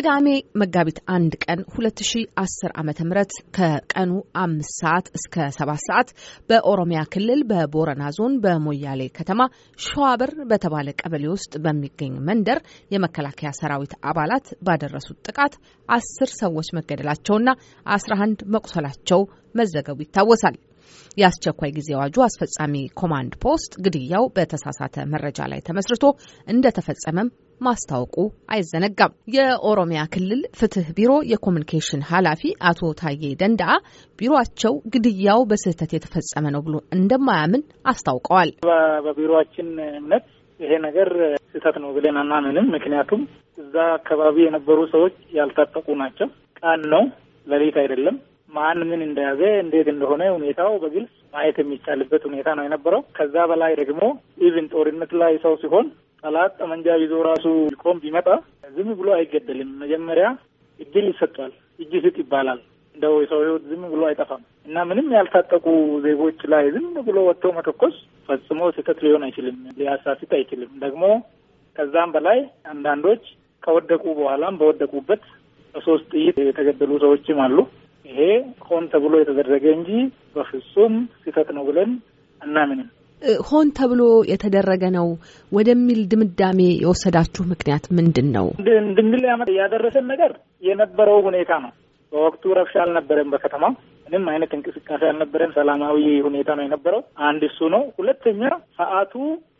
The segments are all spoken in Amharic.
ቅዳሜ መጋቢት አንድ ቀን 2010 ዓ ም ከቀኑ አምስት ሰዓት እስከ ሰባት ሰዓት በኦሮሚያ ክልል በቦረና ዞን በሞያሌ ከተማ ሸዋበር በተባለ ቀበሌ ውስጥ በሚገኝ መንደር የመከላከያ ሰራዊት አባላት ባደረሱት ጥቃት አስር ሰዎች መገደላቸውና 11 መቁሰላቸው መዘገቡ ይታወሳል። የአስቸኳይ ጊዜ አዋጁ አስፈጻሚ ኮማንድ ፖስት ግድያው በተሳሳተ መረጃ ላይ ተመስርቶ እንደተፈጸመም ማስታወቁ አይዘነጋም። የኦሮሚያ ክልል ፍትህ ቢሮ የኮሚኒኬሽን ኃላፊ አቶ ታዬ ደንዳ ቢሮቸው ግድያው በስህተት የተፈጸመ ነው ብሎ እንደማያምን አስታውቀዋል። በቢሮችን እምነት ይሄ ነገር ስህተት ነው ብለን አናምንም። ምክንያቱም እዛ አካባቢ የነበሩ ሰዎች ያልታጠቁ ናቸው። ቃን ነው፣ ሌሊት አይደለም። ማን ምን እንደያዘ እንዴት እንደሆነ ሁኔታው በግልጽ ማየት የሚቻልበት ሁኔታ ነው የነበረው። ከዛ በላይ ደግሞ ኢቭን ጦርነት ላይ ሰው ሲሆን ጠላት ጠመንጃ ይዞ ራሱ ሊቆም ቢመጣ ዝም ብሎ አይገደልም። መጀመሪያ እድል ይሰጧል። እጅ ስጥ ይባላል። እንደው የሰው ህይወት ዝም ብሎ አይጠፋም እና ምንም ያልታጠቁ ዜጎች ላይ ዝም ብሎ ወጥቶ መተኮስ ፈጽሞ ስህተት ሊሆን አይችልም። ሊያሳስት አይችልም። ደግሞ ከዛም በላይ አንዳንዶች ከወደቁ በኋላም በወደቁበት በሶስት ጥይት የተገደሉ ሰዎችም አሉ። ይሄ ሆን ተብሎ የተደረገ እንጂ በፍጹም ስህተት ነው ብለን አናምንም። ሆን ተብሎ የተደረገ ነው ወደሚል ድምዳሜ የወሰዳችሁ ምክንያት ምንድን ነው? እንድንል ያደረሰን ነገር የነበረው ሁኔታ ነው። በወቅቱ ረብሻ አልነበረም በከተማ ምንም አይነት እንቅስቃሴ አልነበረም። ሰላማዊ ሁኔታ ነው የነበረው። አንድ እሱ ነው። ሁለተኛ ሰዓቱ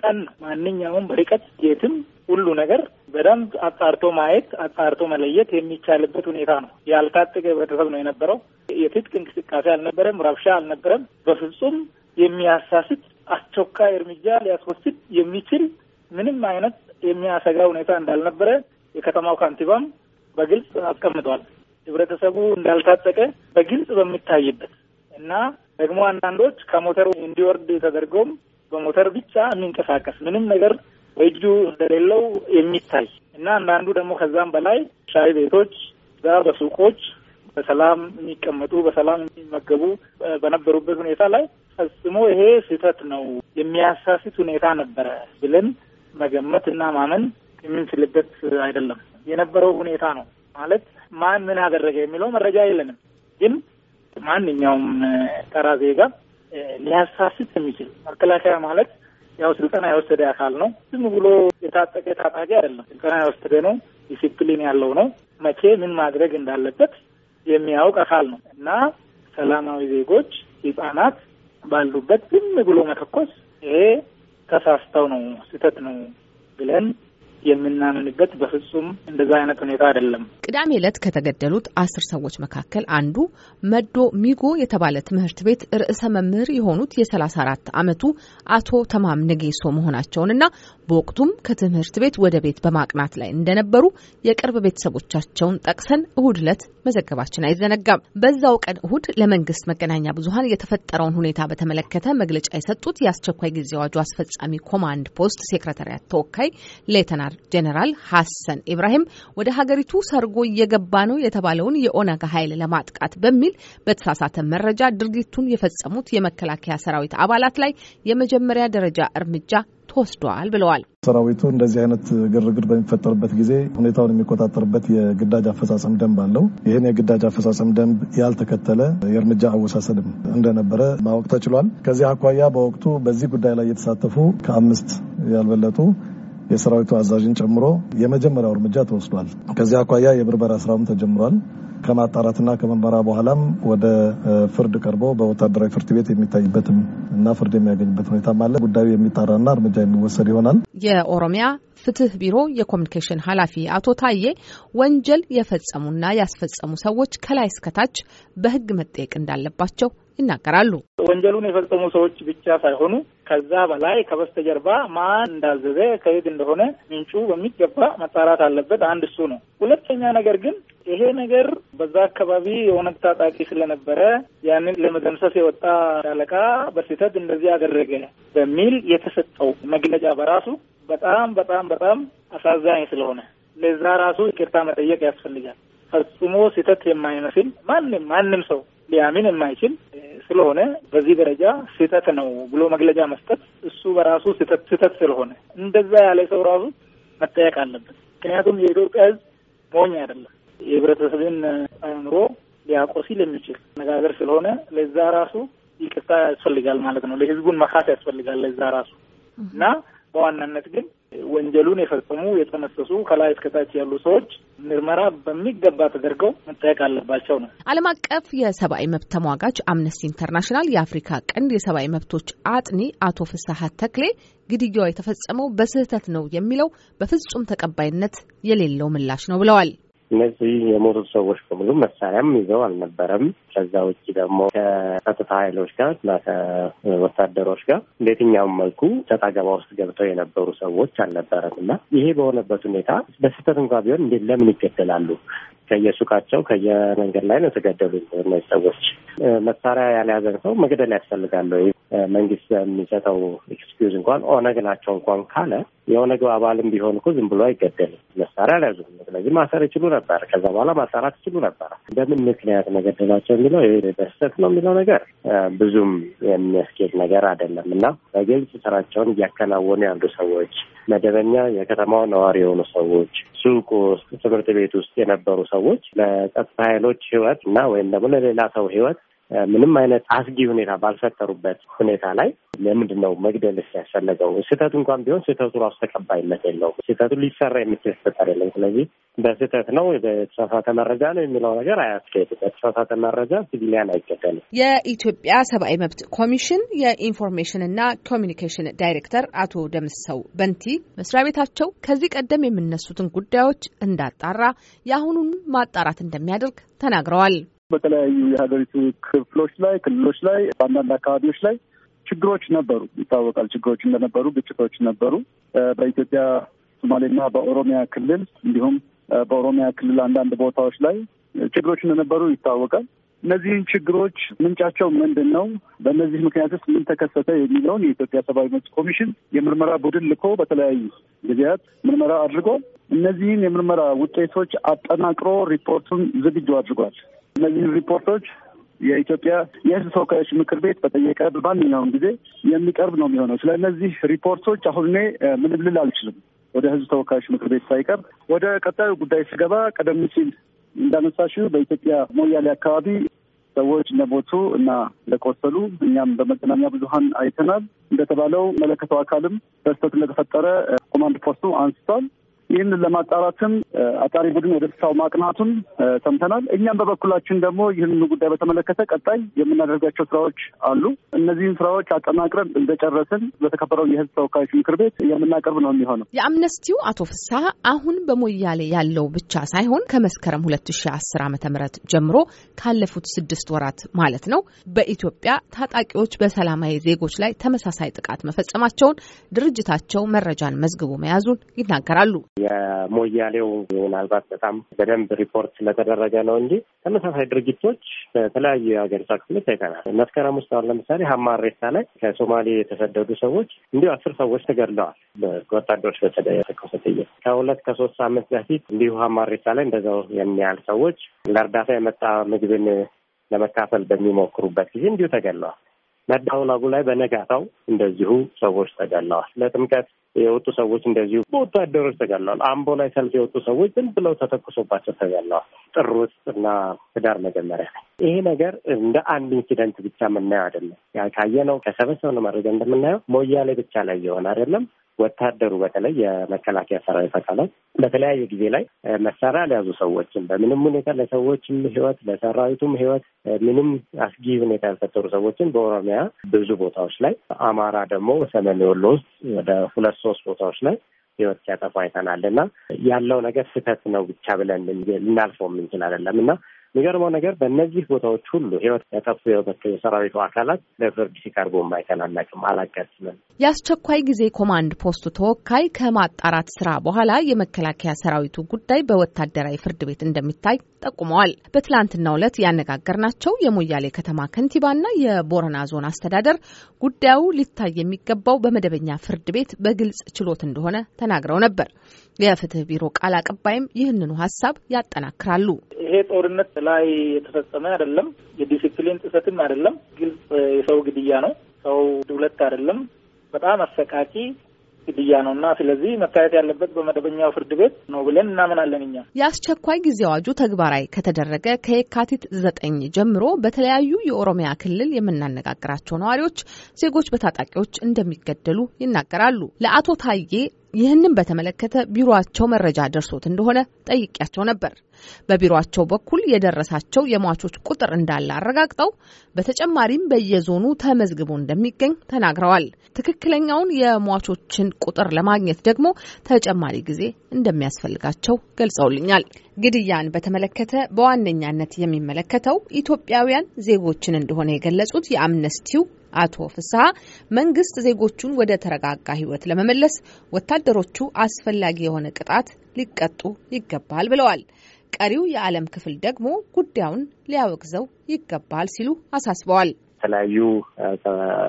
ቀን ማንኛውም በርቀት የትም ሁሉ ነገር በደንብ አጣርቶ ማየት አጣርቶ መለየት የሚቻልበት ሁኔታ ነው። ያልታጠቀ ህብረተሰብ ነው የነበረው። የትጥቅ እንቅስቃሴ አልነበረም። ረብሻ አልነበረም። በፍጹም የሚያሳስት አስቸኳይ እርምጃ ሊያስወስድ የሚችል ምንም አይነት የሚያሰጋ ሁኔታ እንዳልነበረ የከተማው ካንቲባም በግልጽ አስቀምጧል። ህብረተሰቡ እንዳልታጠቀ በግልጽ በሚታይበት እና ደግሞ አንዳንዶች ከሞተር እንዲወርድ ተደርገውም በሞተር ብቻ የሚንቀሳቀስ ምንም ነገር በእጁ እንደሌለው የሚታይ እና አንዳንዱ ደግሞ ከዛም በላይ ሻይ ቤቶች እዛ በሱቆች በሰላም የሚቀመጡ በሰላም የሚመገቡ በነበሩበት ሁኔታ ላይ ፈጽሞ ይሄ ስህተት ነው የሚያሳስት ሁኔታ ነበረ ብለን መገመት እና ማመን የምንችልበት አይደለም። የነበረው ሁኔታ ነው ማለት ማን ምን አደረገ የሚለው መረጃ የለንም፣ ግን ማንኛውም ተራ ዜጋ ሊያሳስት የሚችል መከላከያ ማለት ያው ስልጠና የወሰደ አካል ነው። ዝም ብሎ የታጠቀ ታጣቂ አይደለም። ስልጠና የወሰደ ነው። ዲሲፕሊን ያለው ነው። መቼ ምን ማድረግ እንዳለበት የሚያውቅ አካል ነው እና ሰላማዊ ዜጎች ህጻናት ባሉበት ዝም ብሎ መተኮስ ይሄ ተሳስተው ነው ስህተት ነው ብለን የምናምንበት በፍጹም እንደዛ አይነት ሁኔታ አይደለም። ቅዳሜ ዕለት ከተገደሉት አስር ሰዎች መካከል አንዱ መዶ ሚጎ የተባለ ትምህርት ቤት ርዕሰ መምህር የሆኑት የሰላሳ አራት ዓመቱ አቶ ተማም ነጌሶ መሆናቸውንና በወቅቱም ከትምህርት ቤት ወደ ቤት በማቅናት ላይ እንደነበሩ የቅርብ ቤተሰቦቻቸውን ጠቅሰን እሁድ ዕለት መዘገባችን አይዘነጋም። በዛው ቀን እሁድ ለመንግስት መገናኛ ብዙኃን የተፈጠረውን ሁኔታ በተመለከተ መግለጫ የሰጡት የአስቸኳይ ጊዜ አዋጁ አስፈጻሚ ኮማንድ ፖስት ሴክረታሪያት ተወካይ ሌተና ዳይሬክተር ጄኔራል ሀሰን ኢብራሂም ወደ ሀገሪቱ ሰርጎ እየገባ ነው የተባለውን የኦነግ ኃይል ለማጥቃት በሚል በተሳሳተ መረጃ ድርጊቱን የፈጸሙት የመከላከያ ሰራዊት አባላት ላይ የመጀመሪያ ደረጃ እርምጃ ተወስደዋል ብለዋል። ሰራዊቱ እንደዚህ አይነት ግርግር በሚፈጠርበት ጊዜ ሁኔታውን የሚቆጣጠርበት የግዳጅ አፈጻጸም ደንብ አለው። ይህን የግዳጅ አፈጻጸም ደንብ ያልተከተለ የእርምጃ አወሳሰድም እንደነበረ ማወቅ ተችሏል። ከዚህ አኳያ በወቅቱ በዚህ ጉዳይ ላይ የተሳተፉ ከአምስት ያልበለጡ የሰራዊቱ አዛዥን ጨምሮ የመጀመሪያው እርምጃ ተወስዷል። ከዚህ አኳያ የብርበራ ስራውም ተጀምሯል። ከማጣራትና ከመመራ በኋላም ወደ ፍርድ ቀርቦ በወታደራዊ ፍርድ ቤት የሚታይበትም እና ፍርድ የሚያገኝበት ሁኔታም አለ። ጉዳዩ የሚጣራና እርምጃ የሚወሰድ ይሆናል። የኦሮሚያ ፍትህ ቢሮ የኮሚኒኬሽን ኃላፊ አቶ ታዬ ወንጀል የፈጸሙና ያስፈጸሙ ሰዎች ከላይ እስከታች በህግ መጠየቅ እንዳለባቸው ይናገራሉ። ወንጀሉን የፈጸሙ ሰዎች ብቻ ሳይሆኑ ከዛ በላይ ከበስተጀርባ ማን እንዳዘዘ ከየት እንደሆነ ምንጩ በሚገባ መጣራት አለበት። አንድ እሱ ነው። ሁለተኛ ነገር ግን ይሄ ነገር በዛ አካባቢ የኦነግ ታጣቂ ስለነበረ ያንን ለመደምሰስ የወጣ ሻለቃ በስህተት እንደዚህ አደረገ በሚል የተሰጠው መግለጫ በራሱ በጣም በጣም በጣም አሳዛኝ ስለሆነ ለዛ ራሱ ይቅርታ መጠየቅ ያስፈልጋል። ፈጽሞ ስህተት የማይመስል ማንም ማንም ሰው ሊያምን የማይችል ስለሆነ በዚህ ደረጃ ስህተት ነው ብሎ መግለጫ መስጠት እሱ በራሱ ስህተት ስህተት ስለሆነ እንደዛ ያለ ሰው ራሱ መጠየቅ አለበት። ምክንያቱም የኢትዮጵያ ሕዝብ ሞኝ አይደለም። የህብረተሰብን አእምሮ ሊያቆሲል የሚችል አነጋገር ስለሆነ ለዛ ራሱ ይቅርታ ያስፈልጋል ማለት ነው። ለህዝቡን መካት ያስፈልጋል ለዛ ራሱ እና በዋናነት ግን ወንጀሉን የፈጸሙ የጠነሰሱ ከላይ እስከታች ያሉ ሰዎች ምርመራ በሚገባ ተደርገው መጠየቅ አለባቸው ነው። ዓለም አቀፍ የሰብአዊ መብት ተሟጋች አምነስቲ ኢንተርናሽናል የአፍሪካ ቀንድ የሰብአዊ መብቶች አጥኒ አቶ ፍስሀት ተክሌ ግድያው የተፈጸመው በስህተት ነው የሚለው በፍጹም ተቀባይነት የሌለው ምላሽ ነው ብለዋል። እነዚህ የሞቱት ሰዎች በሙሉ መሳሪያም ይዘው አልነበረም። ከዛ ውጭ ደግሞ ከጸጥታ ኃይሎች ጋር እና ከወታደሮች ጋር በየትኛውም መልኩ ሰጥ አገባ ውስጥ ገብተው የነበሩ ሰዎች አልነበረም እና ይሄ በሆነበት ሁኔታ በስህተት እንኳ ቢሆን እንዴት ለምን ይገደላሉ? ከየሱቃቸው ከየመንገድ ላይ ነው የተገደሉ እነዚህ ሰዎች። መሳሪያ ያልያዘን ሰው መግደል ያስፈልጋል ወይ? መንግስት የሚሰጠው ኤክስኪዩዝ እንኳን ኦነግ ናቸው እንኳን ካለ የኦነግ አባልም ቢሆን እኮ ዝም ብሎ አይገደልም። መሳሪያ አልያዙም። ስለዚህ ማሰር ይችሉ ነበር። ከዛ በኋላ ማሰራት ይችሉ ነበር። በምን ምክንያት መገደላቸው የሚለው በስተት ነው የሚለው ነገር ብዙም የሚያስኬድ ነገር አይደለም እና በግልጽ ስራቸውን እያከናወኑ ያሉ ሰዎች፣ መደበኛ የከተማው ነዋሪ የሆኑ ሰዎች፣ ሱቅ ውስጥ፣ ትምህርት ቤት ውስጥ የነበሩ ሰዎች ለጸጥታ ኃይሎች ህይወት እና ወይም ደግሞ ለሌላ ሰው ህይወት ምንም አይነት አስጊ ሁኔታ ባልፈጠሩበት ሁኔታ ላይ ለምንድን ነው መግደልስ ያስፈለገው? ስህተት እንኳን ቢሆን ስህተቱ ራሱ ተቀባይነት የለውም። ስህተቱ ሊሰራ የሚችል ስህተት የለም። ስለዚህ በስህተት ነው የተሳሳተ መረጃ ነው የሚለው ነገር አያስኬድም። የተሳሳተ መረጃ ሲቪሊያን አይገደልም። የኢትዮጵያ ሰብአዊ መብት ኮሚሽን የኢንፎርሜሽን እና ኮሚኒኬሽን ዳይሬክተር አቶ ደምሰው በንቲ መስሪያ ቤታቸው ከዚህ ቀደም የሚነሱትን ጉዳዮች እንዳጣራ የአሁኑን ማጣራት እንደሚያደርግ ተናግረዋል። በተለያዩ የሀገሪቱ ክፍሎች ላይ ክልሎች ላይ በአንዳንድ አካባቢዎች ላይ ችግሮች ነበሩ። ይታወቃል፣ ችግሮች እንደነበሩ፣ ግጭቶች ነበሩ። በኢትዮጵያ ሶማሌና በኦሮሚያ ክልል እንዲሁም በኦሮሚያ ክልል አንዳንድ ቦታዎች ላይ ችግሮች እንደነበሩ ይታወቃል። እነዚህን ችግሮች ምንጫቸው ምንድን ነው? በእነዚህ ምክንያት ውስጥ ምን ተከሰተ? የሚለውን የኢትዮጵያ ሰብአዊ መብት ኮሚሽን የምርመራ ቡድን ልኮ በተለያዩ ጊዜያት ምርመራ አድርጎ እነዚህን የምርመራ ውጤቶች አጠናቅሮ ሪፖርቱን ዝግጁ አድርጓል። እነዚህ ሪፖርቶች የኢትዮጵያ የሕዝብ ተወካዮች ምክር ቤት በጠየቀ በማንኛውም ጊዜ የሚቀርብ ነው የሚሆነው። ስለ እነዚህ ሪፖርቶች አሁን እኔ ምንም ልል አልችልም፣ ወደ ሕዝብ ተወካዮች ምክር ቤት ሳይቀርብ። ወደ ቀጣዩ ጉዳይ ስገባ ቀደም ሲል እንዳነሳሽው በኢትዮጵያ ሞያሌ አካባቢ ሰዎች እንደሞቱ እና ለቆሰሉ እኛም በመገናኛ ብዙኃን አይተናል። እንደተባለው መለከተው አካልም በስተት እንደተፈጠረ ኮማንድ ፖስቱ አንስቷል። ይህንን ለማጣራትም አጣሪ ቡድን ወደ ስፍራው ማቅናቱን ሰምተናል። እኛም በበኩላችን ደግሞ ይህንን ጉዳይ በተመለከተ ቀጣይ የምናደርጋቸው ስራዎች አሉ። እነዚህን ስራዎች አጠናቅረን እንደጨረስን በተከበረው የህዝብ ተወካዮች ምክር ቤት የምናቀርብ ነው የሚሆነው። የአምነስቲው አቶ ፍስሐ አሁን በሞያሌ ያለው ብቻ ሳይሆን ከመስከረም ሁለት ሺ አስር ዓመተ ምህረት ጀምሮ ካለፉት ስድስት ወራት ማለት ነው በኢትዮጵያ ታጣቂዎች በሰላማዊ ዜጎች ላይ ተመሳሳይ ጥቃት መፈጸማቸውን ድርጅታቸው መረጃን መዝግቦ መያዙን ይናገራሉ። የሞያሌው ምናልባት በጣም በደንብ ሪፖርት ስለተደረገ ነው እንጂ ተመሳሳይ ድርጊቶች በተለያዩ የሀገሪቷ ክፍሎች አይተናል። መስከረም ውስጥ አሁን ለምሳሌ ሀማሬሳ ላይ ከሶማሌ የተሰደዱ ሰዎች እንዲሁ አስር ሰዎች ተገድለዋል። ወታደሮች በተለይ ከሁለት ከሶስት ሳምንት በፊት እንዲሁ ሀማሬሳ ላይ እንደዛው የሚያህል ሰዎች ለእርዳታ የመጣ ምግብን ለመካፈል በሚሞክሩበት ጊዜ እንዲሁ ተገድለዋል። መዳውላጉ ላይ በነጋታው እንደዚሁ ሰዎች ተገለዋል። ለጥምቀት የወጡ ሰዎች እንደዚሁ በወታደሮች ተጋለዋል። አምቦ ላይ ሰልፍ የወጡ ሰዎች ዝም ብለው ተተኩሶባቸው ተጋለዋል። ጥር ውስጥ እና ህዳር መጀመሪያ ላይ ይሄ ነገር እንደ አንድ ኢንሲደንት ብቻ የምናየው አይደለም። ካየነው ከሰበሰብነው መረጃ እንደምናየው ሞያሌ ብቻ ላይ የሆነ አይደለም። ወታደሩ በተለይ የመከላከያ ሰራዊት አካላት በተለያየ ጊዜ ላይ መሳሪያ ለያዙ ሰዎችን በምንም ሁኔታ ለሰዎችም ህይወት ለሰራዊቱም ህይወት ምንም አስጊ ሁኔታ ያልፈጠሩ ሰዎችን በኦሮሚያ ብዙ ቦታዎች ላይ፣ አማራ ደግሞ ሰሜን ወሎ ውስጥ ወደ ሁለት ሶስት ቦታዎች ላይ ህይወት ሲያጠፉ አይተናል እና ያለው ነገር ስህተት ነው ብቻ ብለን ልናልፈው የምንችል አይደለም እና የሚገርመው ነገር በእነዚህ ቦታዎች ሁሉ ህይወት ያጠፉ የሰራዊቱ አካላት ለፍርድ ሲቀርቡ አይተናናቅም፣ አላጋጥምም። የአስቸኳይ ጊዜ ኮማንድ ፖስቱ ተወካይ ከማጣራት ስራ በኋላ የመከላከያ ሰራዊቱ ጉዳይ በወታደራዊ ፍርድ ቤት እንደሚታይ ጠቁመዋል። በትላንትናው ዕለት ያነጋገርናቸው የሞያሌ ከተማ ከንቲባና የቦረና ዞን አስተዳደር ጉዳዩ ሊታይ የሚገባው በመደበኛ ፍርድ ቤት በግልጽ ችሎት እንደሆነ ተናግረው ነበር። የፍትህ ቢሮ ቃል አቀባይም ይህንኑ ሀሳብ ያጠናክራሉ። ይሄ ጦርነት ላይ የተፈጸመ አይደለም፣ የዲሲፕሊን ጥሰትም አይደለም። ግልጽ የሰው ግድያ ነው። ሰው ሁለት አይደለም፣ በጣም አሰቃቂ ግድያ ነው እና ስለዚህ መታየት ያለበት በመደበኛው ፍርድ ቤት ነው ብለን እናምናለን። እኛ የአስቸኳይ ጊዜ አዋጁ ተግባራዊ ከተደረገ ከየካቲት ዘጠኝ ጀምሮ በተለያዩ የኦሮሚያ ክልል የምናነጋግራቸው ነዋሪዎች ዜጎች በታጣቂዎች እንደሚገደሉ ይናገራሉ። ለአቶ ታዬ ይህንን በተመለከተ ቢሮቸው መረጃ ደርሶት እንደሆነ ጠይቂያቸው ነበር። በቢሮቸው በኩል የደረሳቸው የሟቾች ቁጥር እንዳለ አረጋግጠው በተጨማሪም በየዞኑ ተመዝግቦ እንደሚገኝ ተናግረዋል። ትክክለኛውን የሟቾችን ቁጥር ለማግኘት ደግሞ ተጨማሪ ጊዜ እንደሚያስፈልጋቸው ገልጸውልኛል። ግድያን በተመለከተ በዋነኛነት የሚመለከተው ኢትዮጵያውያን ዜጎችን እንደሆነ የገለጹት የአምነስቲው አቶ ፍስሐ መንግስት ዜጎቹን ወደ ተረጋጋ ህይወት ለመመለስ ወታደሮቹ አስፈላጊ የሆነ ቅጣት ሊቀጡ ይገባል ብለዋል። ቀሪው የዓለም ክፍል ደግሞ ጉዳዩን ሊያወግዘው ይገባል ሲሉ አሳስበዋል። የተለያዩ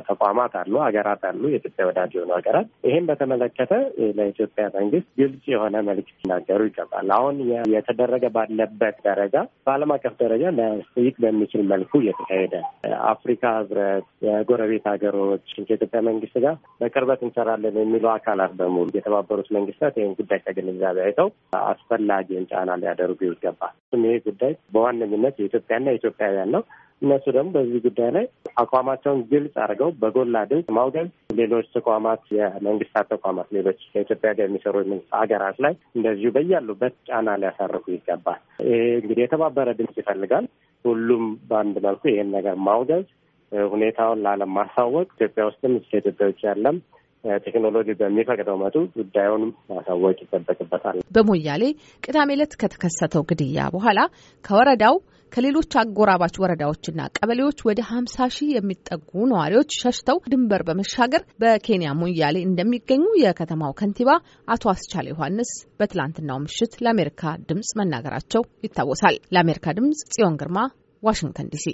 ተቋማት አሉ፣ ሀገራት አሉ፣ የኢትዮጵያ ወዳጅ የሆኑ ሀገራት። ይህም በተመለከተ ለኢትዮጵያ መንግስት ግልጽ የሆነ መልክ ሲናገሩ ይገባል። አሁን የተደረገ ባለበት ደረጃ በዓለም አቀፍ ደረጃ ሊያስጠይቅ በሚችል መልኩ እየተካሄደ አፍሪካ ህብረት፣ የጎረቤት ሀገሮች ከኢትዮጵያ መንግስት ጋር በቅርበት እንሰራለን የሚሉ አካላት በሙሉ የተባበሩት መንግስታት ይህን ጉዳይ ከግንዛቤ አይተው አስፈላጊውን ጫና ሊያደርጉ ይገባል። ይህ ጉዳይ በዋነኝነት የኢትዮጵያና ኢትዮጵያውያን ነው። እነሱ ደግሞ በዚህ ጉዳይ ላይ አቋማቸውን ግልጽ አድርገው በጎላ ድምፅ ማውገዝ፣ ሌሎች ተቋማት የመንግስታት ተቋማት ሌሎች ከኢትዮጵያ ጋር የሚሰሩ ሀገራት ላይ እንደዚሁ በያሉበት ጫና ሊያሳርፉ ይገባል። ይሄ እንግዲህ የተባበረ ድምፅ ይፈልጋል። ሁሉም በአንድ መልኩ ይሄን ነገር ማውገዝ፣ ሁኔታውን ለዓለም ማሳወቅ፣ ኢትዮጵያ ውስጥም ከኢትዮጵያ ውጭ ያለም ቴክኖሎጂ በሚፈቅደው መጡ ጉዳዩን ማሳወቅ ይጠበቅበታል። በሞያሌ ቅዳሜ ዕለት ከተከሰተው ግድያ በኋላ ከወረዳው ከሌሎች አጎራባች ወረዳዎችና ቀበሌዎች ወደ ሀምሳ ሺህ የሚጠጉ ነዋሪዎች ሸሽተው ድንበር በመሻገር በኬንያ ሞያሌ እንደሚገኙ የከተማው ከንቲባ አቶ አስቻለ ዮሐንስ በትላንትናው ምሽት ለአሜሪካ ድምፅ መናገራቸው ይታወሳል። ለአሜሪካ ድምፅ ጽዮን ግርማ ዋሽንግተን ዲሲ